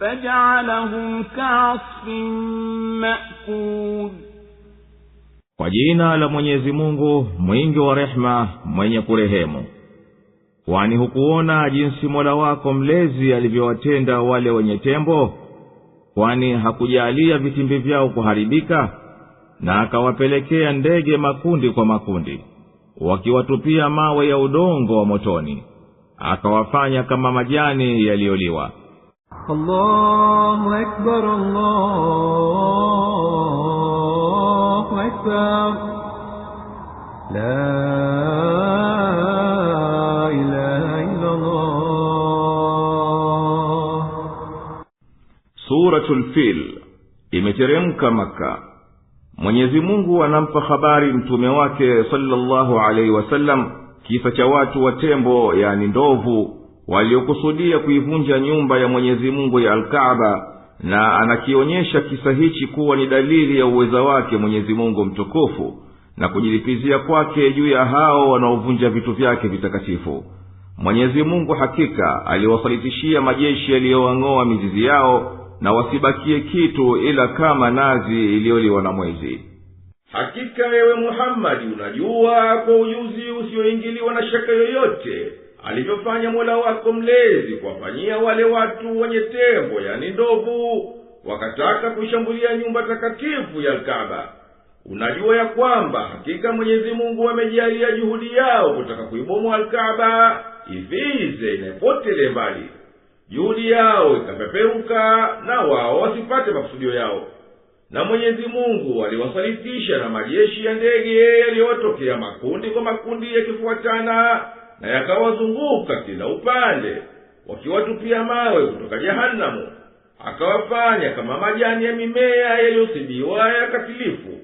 فجعلهم كعصف مأكول kwa jina la mwenyezi mungu mwingi wa rehema mwenye kurehemu kwani hukuona jinsi mola wako mlezi alivyowatenda wale wenye tembo kwani hakujaalia vitimbi vyao kuharibika na akawapelekea ndege makundi kwa makundi wakiwatupia mawe ya udongo wa motoni akawafanya kama majani yaliyoliwa الله أكبر الله أكبر لا إله إلا الله سورة imeteremka maka mwenyezi mungu anampa habari mtume wake salllahu alaihi wasallam kisa cha watu wa tembo yani ndovu waliokusudia kuivunja nyumba ya mwenyezi mungu ya alkaaba na anakionyesha kisa hichi kuwa ni dalili ya uweza wake mwenyezi mungu mtukufu na kujilipizia kwake juu ya hao wanaovunja vitu vyake vitakatifu mwenyezi mungu hakika aliwasalitishia majeshi yaliyowang'oa mizizi yao na wasibakie kitu ila kama nazi iliyoliwa na mwezi hakika ewe muhammadi unajua kwa ujuzi usiyoingiliwa na shaka yoyote alivyofanya mola wako mlezi kuwafanyia wale watu wenye tembo yani ndovu wakataka kushambulia nyumba takatifu ya alkaba unajua ya kwamba hakika mwenyezi mungu amejalia juhudi yao kutaka kuibomwa alkaba ivize inaipotele mbali juhudi yao ikapeperuka na wao wasipate makusudio yao na mwenyezi mungu aliwasalitisha na majeshi ya ndege yaliyotokea makundi kwa makundi yakifuatana na yakawazunguka kila upande wakiwatupia mawe kutoka jahanamu akawafanya kama majani ya mimea yaliyosibiwa katilifu